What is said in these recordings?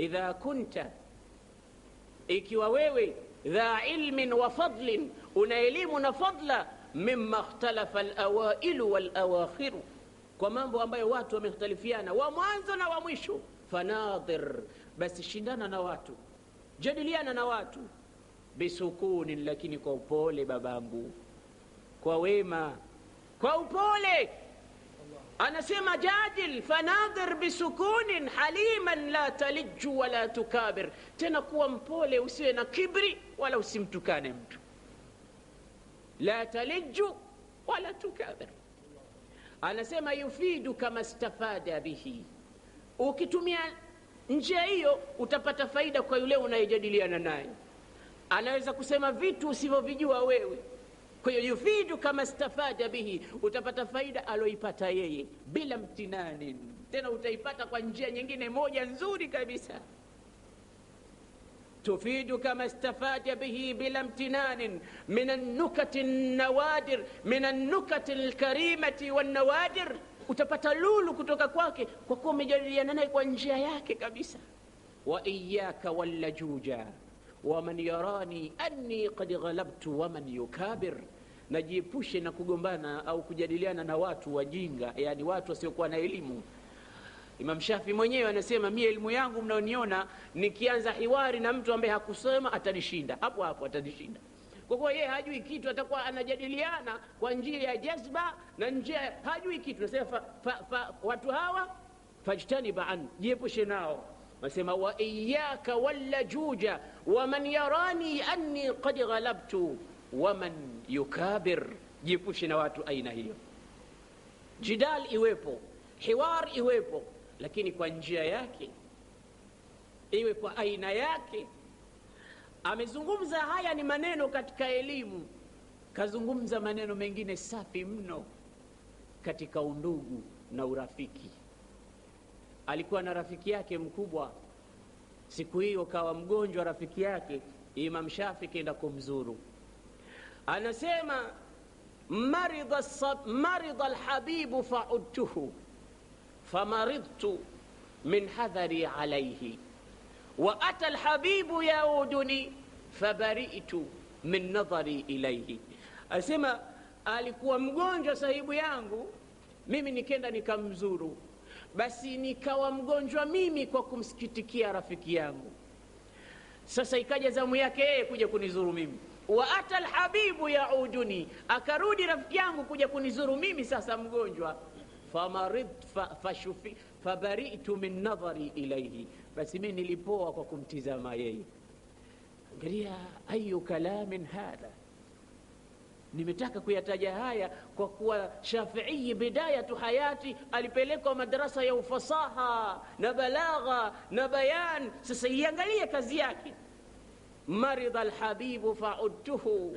idha kunta, ikiwa wewe dha ilmin wa fadlin, una elimu na fadla, mima ikhtalafa alawailu walawakhiru, kwa mambo ambayo watu wamekhtalifiana wa mwanzo na wa mwisho. Fanadhir, basi shindana na watu, jadiliana na watu bisukuni, lakini kwa upole babangu, kwa wema, kwa upole anasema jadil fanadhir bisukunin haliman la taliju wala tukabir, tena kuwa mpole, usiwe na kibri wala usimtukane mtu. La taliju wala tukabir, anasema yufidu kama stafada bihi, ukitumia njia hiyo utapata faida kwa yule unayejadiliana naye. Anaweza kusema vitu usivyovijua wewe kwa hiyo yufidu kama stafada bihi, utapata faida aloipata yeye bila mtinani, tena utaipata kwa njia nyingine moja nzuri kabisa. Tufidu kama stafada bihi bila mtinanin min annukati nawadir min annukati lkarimati wanawadir, utapata lulu kutoka kwake kwa kuwa umejadiliana naye kwa njia yake kabisa. Wa iyaka wallajuja waman yarani anni qad ghalabtu waman yukabir, najiepushe na kugombana au kujadiliana na watu wajinga, yani watu wasiokuwa na elimu. Imam Shafi mwenyewe anasema mie elimu yangu mnaoniona, nikianza hiwari na mtu ambaye hakusoma atanishinda hapo hapo, atanishinda kwa kuwa yeye hajui kitu, atakuwa anajadiliana kwa njia ya jazba na njia hajui kitu. Nasema watu hawa fajtaniba an, jiepushe nao Nasema wa iyyaka wallajuja waman yarani anni qad ghalabtu waman yukabir, jiepushe na watu aina hiyo. Jidal iwepo, hiwar iwepo, lakini kwa njia yake, iwe kwa aina yake. Amezungumza haya ni maneno katika elimu, kazungumza maneno mengine safi mno katika undugu na urafiki. alikuwa na rafiki yake mkubwa. Siku hiyo kawa mgonjwa rafiki yake, Imam Shafi kenda kumzuru, anasema marida marida alhabibu faudtuhu famaridtu min hadhari alayhi wa ata alhabibu yauduni fabaritu min nadhari ilayhi. asema alikuwa mgonjwa sahibu yangu, mimi nikenda nikamzuru basi nikawa mgonjwa mimi kwa kumsikitikia rafiki yangu. Sasa ikaja zamu yake yeye kuja kunizuru mimi, wa ata lhabibu yauduni, akarudi rafiki yangu kuja kunizuru mimi sasa mgonjwa fa, fabaritu min nadhari ilaihi, basi mi nilipoa kwa kumtizama yeye. Angalia ayu kalamin hadha Nimetaka kuyataja haya kwa kuwa shafiii bidayatu hayati alipelekwa madarasa ya ufasaha na balagha na bayan. Sasa iangalie kazi yake, maridha alhabibu faudtuhu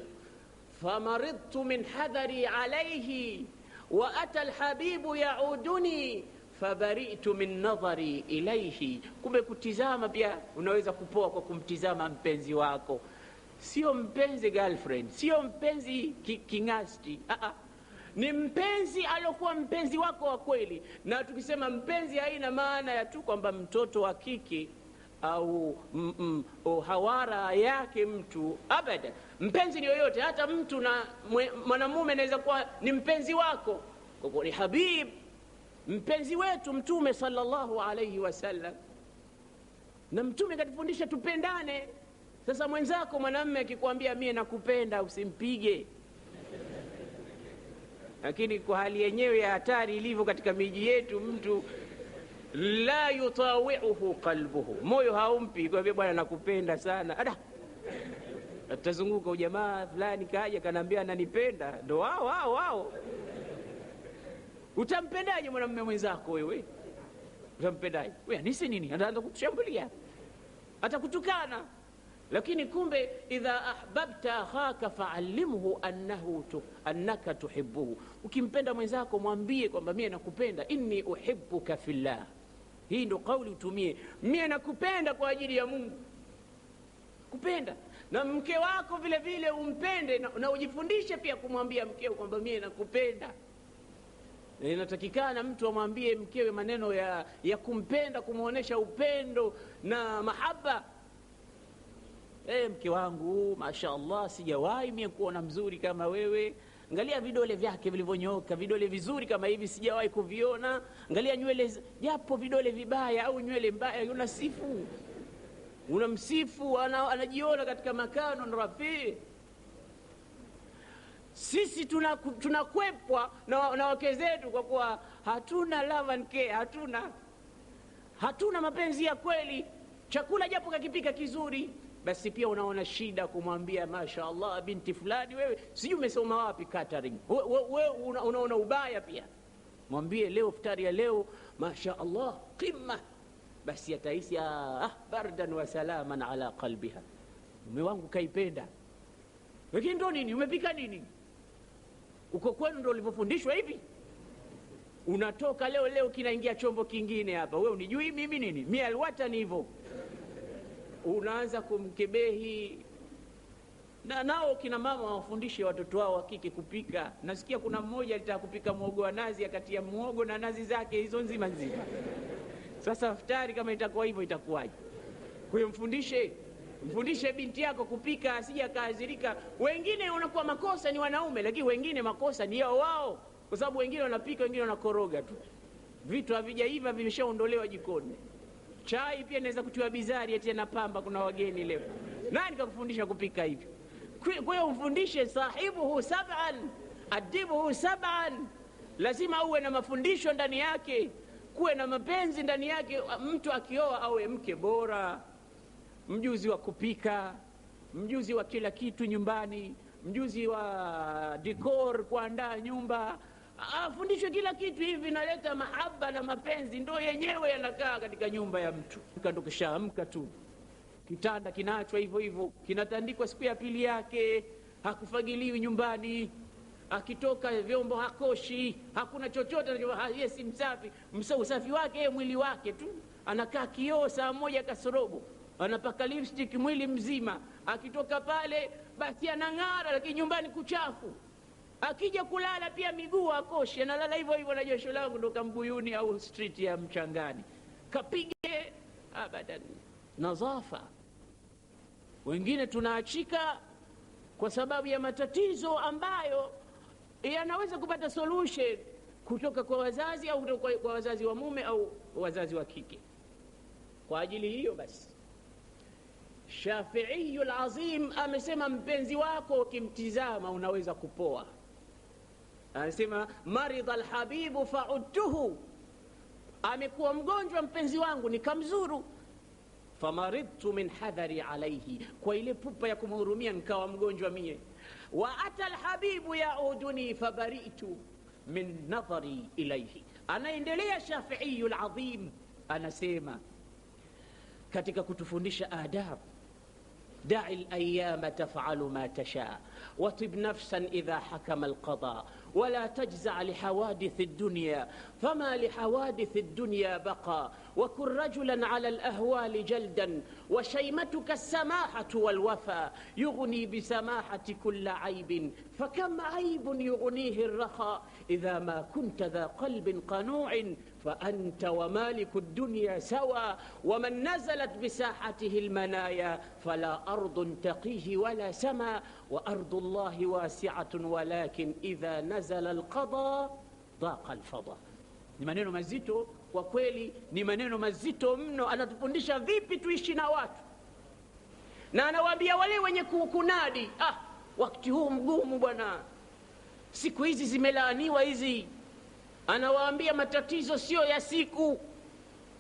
famaridtu min hadhari alaihi wa ata alhabibu yauduni fabaritu min nadhari ilayhi. Kumbe kutizama pia unaweza kupoa kwa kumtizama mpenzi wako sio mpenzi girlfriend, sio mpenzi king'asti, ni mpenzi aliokuwa mpenzi wako wa kweli. Na tukisema mpenzi, haina maana ya tu kwamba mtoto wa kike au mm, mm, oh, hawara yake mtu abada. Mpenzi ni yoyote, hata mtu na mwanamume anaweza kuwa ni mpenzi wako, kwa kuwa ni habib, mpenzi wetu Mtume sallallahu alayhi wasallam. Na Mtume katufundisha tupendane. Sasa mwenzako mwanamme akikwambia mie nakupenda, usimpige. Lakini kwa hali yenyewe ya hatari ilivyo katika miji yetu, mtu la yutawiuhu qalbuhu, moyo haumpi kwambia bwana nakupenda sana. Ada, atazunguka ujamaa fulani kaja kanaambia ananipenda, ndo wao wao wao. Utampendaje mwanamume mwenzako wewe? Utampendaje? Wewe nisi nini? Ataanza kukushambulia, atakutukana lakini kumbe, idha ahbabta akhaka faallimhu annahu tu, annaka tuhibbuhu, ukimpenda mwenzako mwambie kwamba mie nakupenda, inni uhibbuka fillah. Hii ndo kauli utumie, mie nakupenda kwa ajili ya Mungu. Kupenda na mke wako vile vile umpende na, na ujifundishe pia kumwambia mkeo kwamba mie nakupenda. Inatakikana mtu amwambie mkewe maneno ya, ya kumpenda, kumwonyesha upendo na mahaba hey, eh, mke wangu mashaallah, sijawahi mie kuona mzuri kama wewe. Angalia vidole vyake vilivyonyoka vidole vizuri kama hivi sijawahi kuviona. Angalia nywele, japo vidole vibaya au nywele mbaya, unasifu unamsifu, anajiona katika makano rafii. Sisi tunakwepwa tuna na wake zetu kwa kuwa hatuna love and care, hatuna hatuna mapenzi ya kweli. Chakula japo kakipika kizuri basi pia unaona shida kumwambia masha Allah binti fulani, wewe sijui umesoma wapi catering, wewe unaona ubaya pia. Mwambie leo futari ya leo, masha Allah qimma, basi ataisi ah, ah, bardan wa salaman ala qalbiha, mume wangu kaipenda. Lakini ndo nini, umepika nini? Uko kwenu ndo ulivyofundishwa hivi? Unatoka leo leo kinaingia chombo kingine hapa, wewe unijui mimi nini? Mimi ni hivyo unaanza kumkebehi na nao kina mama wawafundishe watoto wao wa kike kupika. Nasikia kuna mmoja alitaka kupika muogo wa nazi, akatia muogo na nazi zake hizo nzima nzima. Sasa aftari kama itakuwa hivyo itakuwaje? Kwa hiyo mfundishe, mfundishe binti yako kupika, asija kaadhirika. Wengine wanakuwa makosa ni wanaume, lakini wengine makosa ni yao wao, kwa sababu wengine wanapika, wengine wanakoroga tu, vitu havijaiva vimeshaondolewa jikoni. Chai pia inaweza kutiwa bizari eti na pamba. Kuna wageni leo, nani kakufundisha kupika hivyo? Kwa hiyo mfundishe sahibuhu sab'an adibuhu sab'an, lazima uwe na mafundisho ndani yake, kuwe na mapenzi ndani yake. Mtu akioa awe mke bora, mjuzi wa kupika, mjuzi wa kila kitu nyumbani, mjuzi wa dikor kuandaa nyumba afundishwe kila kitu hivi, naleta mahaba na mapenzi, ndo yenyewe yanakaa katika nyumba ya mtu. Ndo kishaamka tu kitanda kinaachwa hivyo hivyo, kinatandikwa siku ya pili yake, hakufagiliwi nyumbani, akitoka vyombo hakoshi, hakuna chochote. Yeye si msafi, msa usafi wake ye mwili wake tu, anakaa kioo saa moja kasorobo, anapaka lipstick mwili mzima, akitoka pale basi anang'ara, lakini nyumbani kuchafu akija kulala pia miguu akoshi analala hivyo hivyo na josho langu kutoka Mbuyuni au street ya Mchangani, kapige abadan nadhafa Wengine tunaachika kwa sababu ya matatizo ambayo yanaweza kupata solution kutoka kwa wazazi au kutoka kwa wazazi wa mume au wazazi wa kike. Kwa ajili hiyo basi Shafiiyu Lazim amesema mpenzi wako ukimtizama unaweza kupoa anasema maridha lhabibu faudtuhu, amekuwa mgonjwa mpenzi wangu nikamzuru. Famaridtu min hadhari alaihi, kwa ile pupa ya kumhurumia nikawa mgonjwa mie. Wa ata lhabibu yauduni fabaritu min nadhari ilaihi. Anaendelea Shafiiyu ladhim anasema katika kutufundisha adabu دع الأيام تفعل ما تشاء وطب نفسا إذا حكم القضاء ولا تجزع لحوادث الدنيا فما لحوادث الدنيا بقى وكن رجلا على الأهوال جلدا وشيمتك السماحة والوفا يغني بسماحة كل عيب فكم عيب يغنيه الرخاء إذا ما كنت ذا قلب قنوع فأنت ومالك الدنيا سوى ومن نزلت بساحته المنايا فلا أرض تقيه ولا سما وأرض الله واسعة ولكن إذا نزل القضاء ضاق الفضاء نمانينو مزيتو وكويلي نمانينو مزيتو منو أنا تفندشا ذيبي تويشي نوات نانا وابيا ولي ونيكو كنادي أه وقت وقتهم قوم بنا سيكويزي زملاني وإزي anawaambia matatizo sio ya siku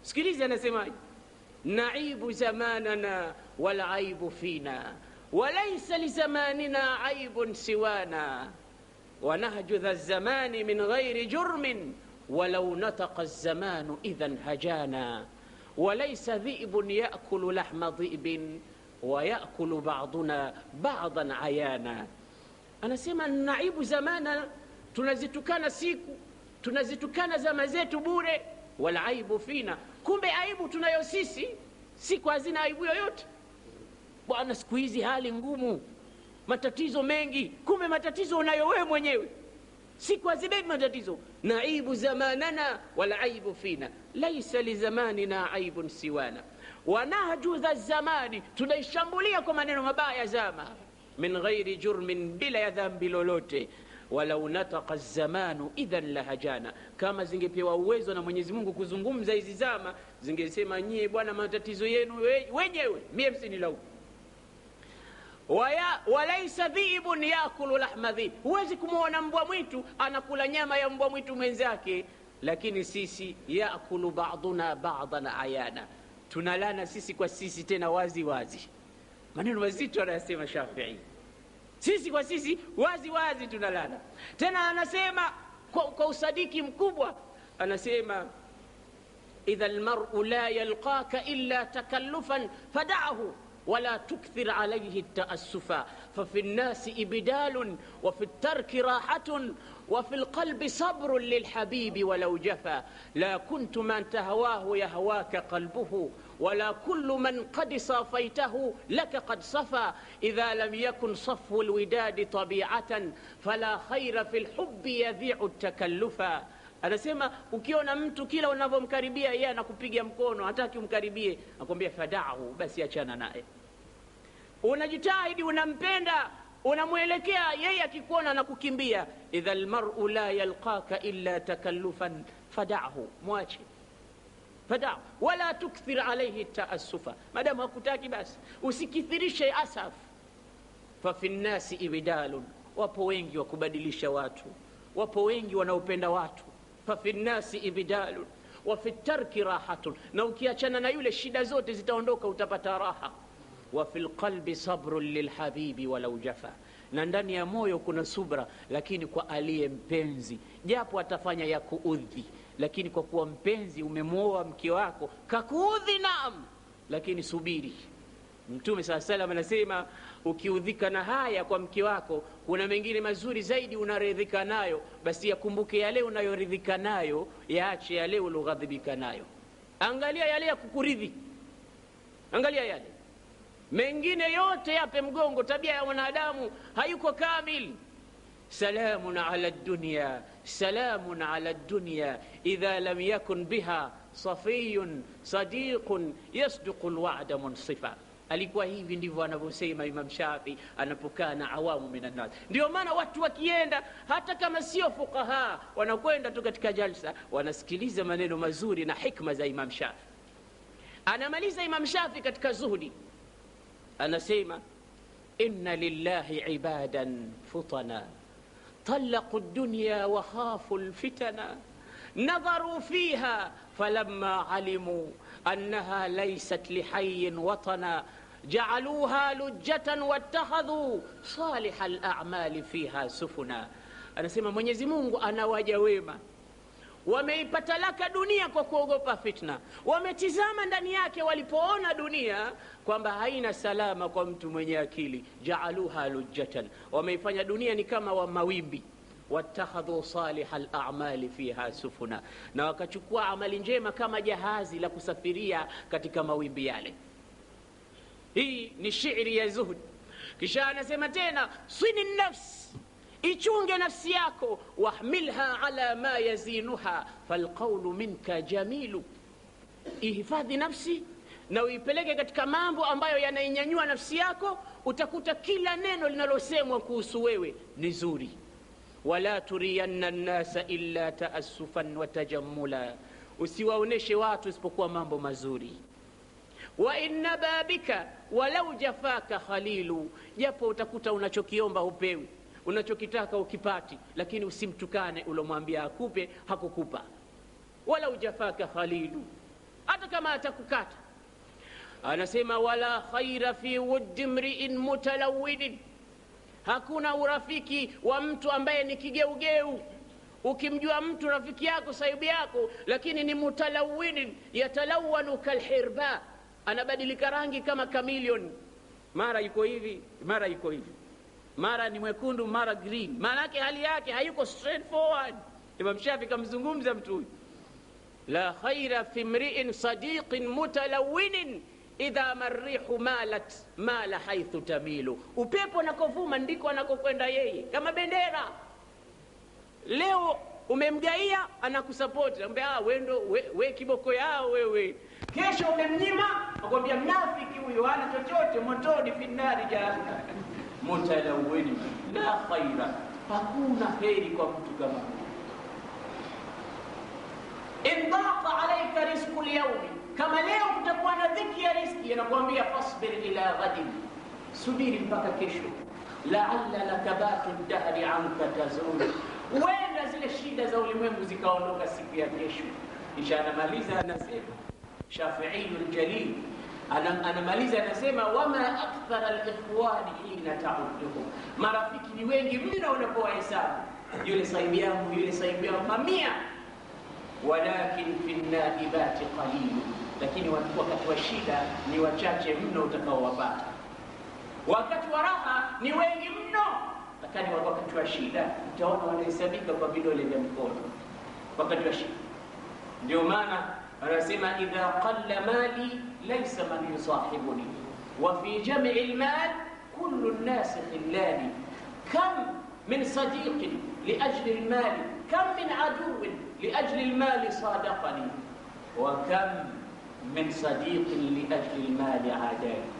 sikiliza anasemaje naibu zamanana walaibu fina walaisa lizamanina aibun siwana ونهج ذا الزمان min غير jurmin ولو نطق الزمان idhan hajana walaisa ذئب يأكل لحم ذئب ويأكل بعضنا بعضا عيانا أنا سيما النعيب زمانا tunazitokana siku tunazitukana zama zetu bure, wala aibu fina, kumbe aibu tunayo sisi, siku hazina aibu yoyote bwana. Siku hizi hali ngumu, matatizo mengi, kumbe matatizo unayo wewe mwenyewe. Siku hazibebi matatizo. Na aibu zamanana wala aibu fina, laisa lizamanina aibun siwana wanahju dha zamani, tunaishambulia kwa maneno mabaya zama, min ghairi jurmin, bila ya dhambi lolote walau nataka zamanu idhan lahajana, kama zingepewa uwezo na Mwenyezi Mungu kuzungumza hizi zama, zingesema nyie bwana, matatizo yenu wenyewe, mie msinilaumu. Waya, walaisa dhiibun yakulu lahma huwezi kumwona mbwa mwitu anakula nyama ya mbwa mwitu mwenzake. Lakini sisi yakulu baduna badan ayana, tunalana sisi kwa sisi, tena wazi wazi. Maneno mazito anayasema Shafii. Sisi kwa sisi wazi wazi tunalana. Tena anasema kwa, kwa usadiki mkubwa, anasema idha almar'u la yalqaka illa takallufan fada'ahu ولا تكثر عليه التأسفا ففي الناس إبدال وفي الترك راحة وفي القلب sabrun للحبيب ولو جفا لا كنت من تهواه yahwaka qalbuhu ولا كل من قد صافيته لك قد صفى إذا لم يكن صفو الوداد طبيعة فلا خير في الحب يذيع التكلفا anasema ukiona mtu kila unavyomkaribia yeye anakupiga mkono hataki umkaribie akwambia fadahu basi achana naye unajitahidi unampenda unamwelekea yeye akikuona na kukimbia idha lmaru la yalqaka illa takallufan fadahu mwache fadawa wala tukthir alaihi taasufa, madamu hakutaki basi usikithirishe asaf. Fa fi nnasi ibdalun, wapo wengi wa kubadilisha watu, wapo wengi wanaopenda watu. Fa fi nnasi ibdalun wa fi tarki rahatun, na ukiachana na yule shida zote zitaondoka, utapata raha. Wa fi lqalbi sabrun lilhabibi walau jafa, na ndani ya moyo kuna subra, lakini kwa aliye mpenzi, japo atafanya ya kuudhi lakini kwa kuwa mpenzi umemwoa mke wako kakuudhi, naam, lakini subiri. Mtume saa salam anasema ukiudhika na haya kwa mke wako, kuna mengine mazuri zaidi unaridhika nayo, basi yakumbuke yale unayoridhika nayo, yaache yale ulioghadhibika nayo. Angalia yale ya kukuridhi, angalia yale mengine yote yape mgongo. Tabia ya mwanadamu hayuko kamili. Salamun ala dunia سلام على الدنيا إذا لم يكن بها صفي صديق يصدق الوعد منصفا alikuwa hivi ndivyo anavyosema Imam Shafi anapokaa na awamu minannas. Ndio maana watu wakienda, hata kama sio fuqaha, wanakwenda tu katika jalsa, wanasikiliza maneno mazuri na hikma za Imam Shafi. Anamaliza Imam Shafi katika zuhudi, anasema inna lillahi ibadan futana طلقوا الدنيا وخافوا الفتن نظروا فيها فلما علموا انها ليست لحي وطنا جعلوها لجة واتخذوا صالح الاعمال فيها سفنا انا سيما Mwenyezi Mungu انا waja wameipatalaka dunia kwa kuogopa fitna, wametizama ndani yake walipoona dunia kwamba haina salama kwa mtu mwenye akili. Jaaluha lujjatan, wameifanya dunia ni kama wa mawimbi watakhadhu saliha lamali fiha sufuna, na wakachukua amali njema kama jahazi la kusafiria katika mawimbi yale. Hii ni shiiri ya Zuhud. Kisha anasema tena swini nafsi ichunge nafsi yako wahmilha ala ma yazinuha falqaulu minka jamilu, ihifadhi nafsi na uipeleke katika mambo ambayo yanainyanyua nafsi yako. Utakuta kila neno linalosemwa kuhusu wewe ni zuri. Wala turiyanna nnasa illa taasufan wa tajammula, usiwaoneshe watu isipokuwa mambo mazuri wa inna babika walau jafaka khalilu, japo utakuta unachokiomba hupewi unachokitaka ukipati, lakini usimtukane ulomwambia akupe hakukupa. Wala ujafaka khalilu, hata kama atakukata. Anasema wala khaira fi wuddi mriin mutalawidin, hakuna urafiki wa mtu ambaye ni kigeugeu. Ukimjua mtu rafiki yako sahibu yako, lakini ni mutalawidin, yatalawanu kalhirba, anabadilika rangi kama kamilion, mara iko hivi, mara iko hivi mara ni mwekundu, mara green. Maana yake hali yake hayuko straightforward. Imam Shafi kamzungumza mtu huyu, la khaira fi mri'in sadiqin mutalawinin idha marihu malat mala haithu tamilu, upepo anakovuma ndiko anakokwenda yeye, kama bendera. Leo umemgaia anakusapoti, nakwambia ah, wendo we, we kiboko yao wewe. Kesho umemnyima akwambia mnafiki huyo, ana chochote motoni, finnari jahannam mutalawini la khaira, hakuna heri kwa mtu kama huyo. Indhaqa alaika rizqu lyaumi, kama leo kutakuwa na dhiki ya rizki, yanakuambia fasbir ila ghadin, subiri mpaka kesho. Laalla lakabatu dahri anka tazulu, huenda zile shida za ulimwengu zikaondoka siku ya kesho. Kisha anamaliza anasema Shafiiyu ljalili anamaliza anasema, wama akthara alikhwani hina tauduhum, marafiki ni wengi mno unapowahesabu, yule sahibu yangu yule sahibu yangu mamia, walakin fi naibati qalilu, lakini wakati wa shida ni wachache mno utakaowapata, wakati wa raha ni wengi mno, lakini wakati wa shida utaona wanahesabika kwa vidole vya mkono, wakati wa shida. Ndio maana anasema idha qalla mali ليس من يصاحبني وفي جمع المال كل الناس خلاني كم من صديق لأجل المال كم من عدو لأجل المال صادقني وكم من صديق لأجل المال عاداني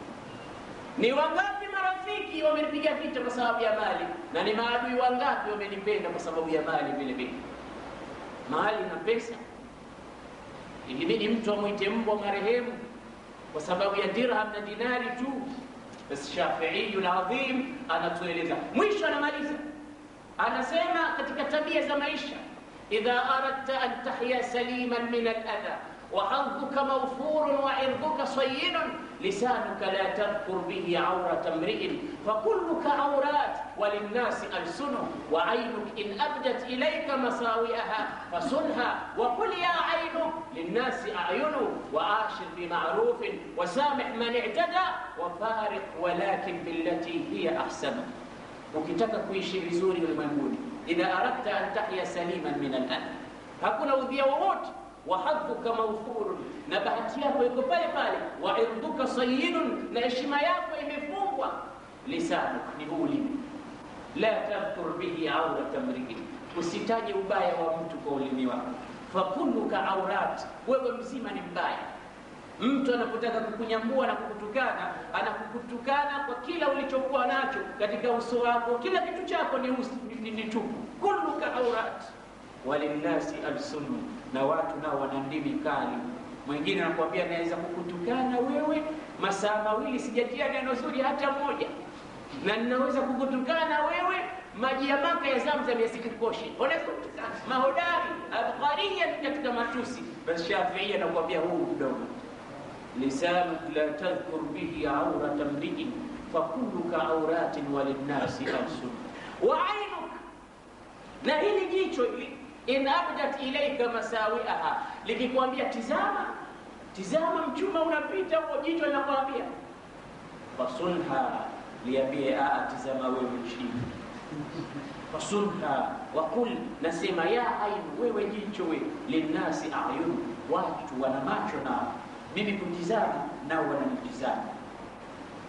ni wangapi marafiki wamenipiga picha kwa sababu ya mali na ni maadui wangapi wamenipenda kwa sababu ya mali vile vile mali na pesa ikibidi mtu amwite mbwa marehemu وسبب يديرها من دينار جو بس شافعي العظيم أنا تويلزا مويش أنا ماليزا أنا سيما قتك تبيه زمايشا إذا أردت أن تحيا سليما من الأذى وحظك موفور وعرضك صين لسانك لا تذكر به عورة امرئ فكلك عورات وللناس ألسنه وعينك إن أبدت إليك مساوئها فصنها وقل يا عين للناس أعينه وعاشر بمعروف وسامح من اعتدى وفارق ولكن بالتي هي أحسن ukitaka kuishi بزوري ulimwenguni إذا أردت أن تحيا سليما من الأهل adha وذي ووت wa hadhuka mawfurun, na bahati yako iko pale pale. Wa irduka sayyinun, na heshima yako imefungwa. Lisanuka ni ulimi. La tadhkur bihi aurata mri'in, usitaje ubaya wa mtu kwa ulimi wako. Fakuluka aurat, wewe mzima ni mbaya. Mtu anapotaka kukunyambua na kukutukana, anakukutukana kwa kila ulichokuwa nacho katika uso wako, kila kitu chako ni, ni, ni, ni tupu. Kulluka aurat walinnasi alsunun na watu nao wana ndimi kali. Mwingine anakuambia naweza kukutukana wewe masaa mawili sijatia neno zuri hata moja, na ninaweza kukutukana wewe maji ya maka ya Zamzam yasikuposhe. Unaweza kukutukana mahodari abqariya katika matusi, basi Shafii anakuambia huu mdomo lisanu la tadhkur bihi aurata mriin fakuluka auratin walinnasi absun wa ainuk, na hili jicho in abdat ilaika masawiaha, likikwambia tizama, tizama mchuma unapita huko, jicho linakwambia fasunha, liambie aa, tizama wewe chini fasunha wakul, nasema ya ainu, wewe jicho we, linnasi ayun, watu wana macho na mimi kutizama nao wananitizama.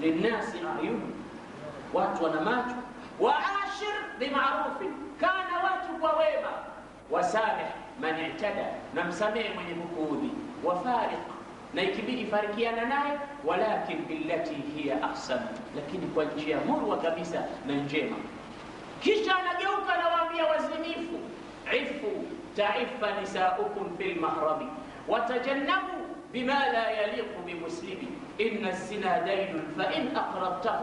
Linnasi ayun, watu wana macho. Waashir bimarufin, kana watu kwa wema wasamehe man itada, namsamehe mwenye kukuudhi. Wafariq, na ikibidi farikiana naye, walakin billati hiya ahsan, lakini kwa njia murwa kabisa na njema. Kisha anageuka anawaambia wazinifu, ifu taifa nisaukum fil mahrabi watajannabu بما لا يليق بمسلم إن الزنا دين فإن أقرضته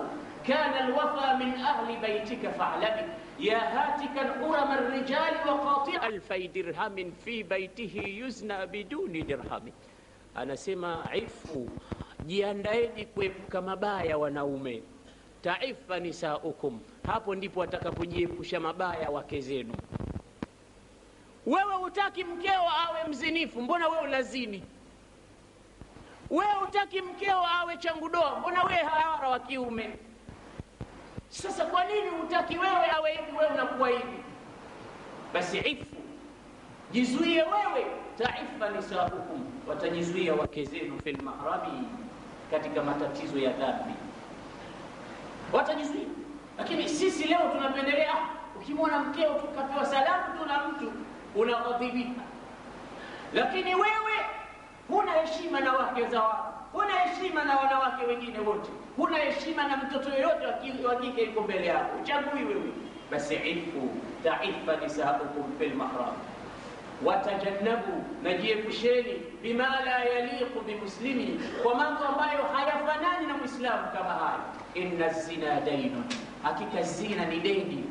كان الوفى من أهل بيتك فاعلمه ya hatikan urama rijali wa qatia alfai dirhamin fi baitihi yuzna biduni dirhamin, anasema ifu, jiandaeni kuepuka mabaya wanaume. Taifa nisaukum, hapo ndipo atakapojiepusha mabaya wake zenu. Wewe utaki mkeo awe mzinifu, mbona wewe ulazini? Wewe utaki mkeo awe changudoa, mbona wewe hawara wa kiume? Sasa kwa nini utaki wewe awe hivi, wewe unakuwa hivi? Basi ifu, jizuie wewe. Taifa nisaukum, watajizuia wake zenu, fil mahrami, katika matatizo ya dhambi watajizuia. Lakini sisi leo tunapendelea, ukimwona mkeo kapewa salamu tu na mtu unaghadhibika, lakini wewe huna heshima na wake za wako, huna heshima na wanawake wengine wote huna heshima na mtoto yoyote wa kike yuko mbele yako, uchagui wewe. Basi ifu taifa nisaukum fil mahram watajannabu, najiepusheni bima la yaliqu bimuslimi, kwa mambo ambayo hayafanani na mwislamu kama haya. Inna zina dainun, hakika zina ni deni.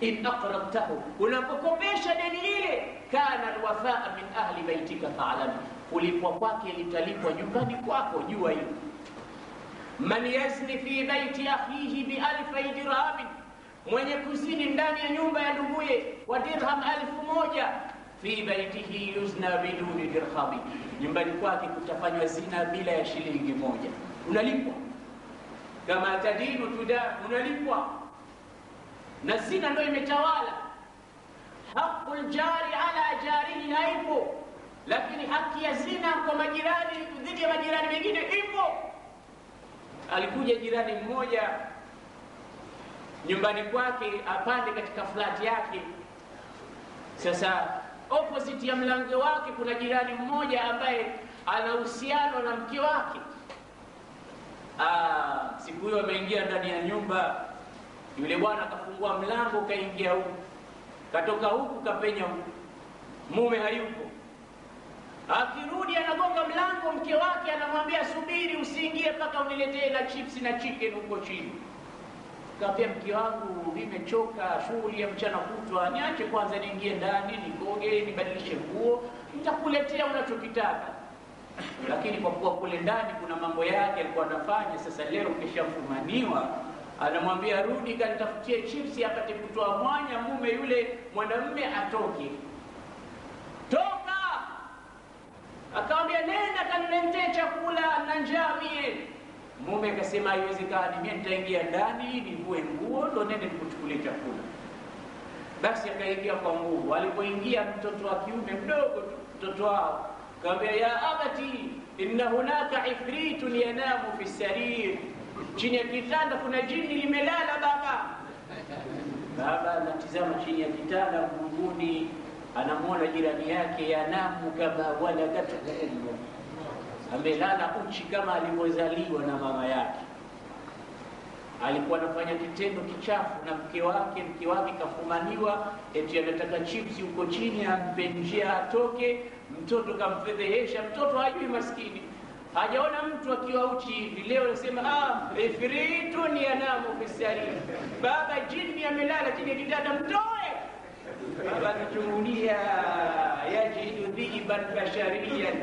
In aqrabtahu, unapokopesha deni lile, kana alwafaa min ahli baitika faalam, kulipwa kwake litalipwa nyumbani kwako, jua hilo man yazni fi baiti akhihi bialfai dirhamin, mwenye kuzini ndani ya nyumba ya nduguye kwa dirham alfu moja. Fi baitihi yuzna biduni dirhami, nyumbani kwake kutafanywa zina bila ya shilingi moja, unalipwa kama tadinu tuda, unalipwa na zina ndo imetawala. Haqu ljari ala jarihi haipo, lakini haki ya zina kwa majirani dhidi ya majirani mengine ipo alikuja jirani mmoja nyumbani kwake apande katika flati yake. Sasa opposite ya mlango wake kuna jirani mmoja ambaye ana uhusiano na mke wake. Ah, siku hiyo ameingia ndani ya nyumba, yule bwana akafungua mlango, kaingia huku, katoka huku, kapenya huku, mume hayuko Akirudi anagonga mlango, mke wake anamwambia subiri, usiingie mpaka uniletee na chipsi na chicken huko chini. Kaambia mke wangu, nimechoka shughuli ya mchana kutwa, niache kwanza niingie ndani nikoge, nibadilishe nguo, nitakuletea unachokitaka. Lakini kwa kuwa kule ndani kuna mambo yake alikuwa anafanya, sasa leo keshafumaniwa anamwambia rudi, kanitafutie chipsi apate kutoa mwanya mume yule mwanamume atoke. akawambia nenda kaniletee chakula na njaa mie. Mume akasema, haiwezekani, mie nitaingia ndani nivue nguo ndo nende nikuchukulie chakula. Basi akaingia kwa nguvu. Alipoingia mtoto wa kiume mdogo tu, mtoto wao kaambia, ya abati inna hunaka ifritun yanamu fi sarir, chini ya kitanda kuna jini limelala baba. Baba anatizama chini ya kitanda mbunguni anamwona jirani yake yanamu kama waladatul ummu, amelala uchi kama alivyozaliwa na mama yake. Alikuwa anafanya kitendo kichafu na mke wake, mke wake kafumaniwa, eti anataka chipsi huko chini, ampe njia atoke. Mtoto kamfedhehesha, mtoto hajui maskini, hajaona mtu akiwa uchi hivi. Leo anasema ah, ni yanamu fisari, baba jini amelala chini ya kitanda, mtoe Tumebakichukulia yajidu dhiban bashariyan,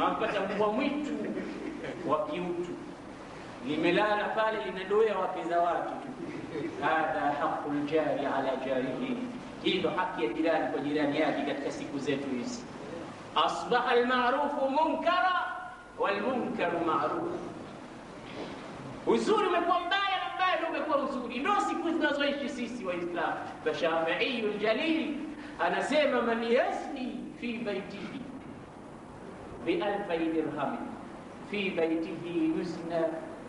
ampata mbwa mwitu wa kiutu, limelala pale linadoea wapeza watu. Hadha haqu ljari ala jarihi, hii ndo haki ya jirani kwa jirani yake katika siku zetu hizi. Asbaha almarufu munkara walmunkaru marufu, uzuri umekuwa mbaya قالوا بفوزوري نوسي كوزنا زويش سيسي وإسلام فشافعي الجليل أنا سيما من يسني في بيته بألفي درهم في بيته يسنى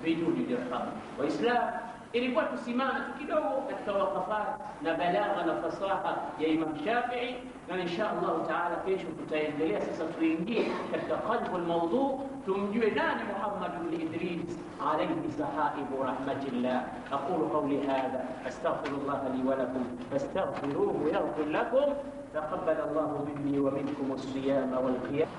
بدون درهم وإسلام ilikuwa tusimame tu kidogo katika wakafati na balagha na fasaha ya Imam Shafi'i, na insha Allah taala kesho tutaendelea sasa, tuingie katika qalbu almawdu, tumjue nani Muhammad ibn Idris alayhi sahaibu rahmatillah. Aqulu qawli hadha astaghfirullah li wa lakum fastaghfiruhu yaghfir lakum. Taqabbal Allahu minni wa minkum as-siyama wal qiyam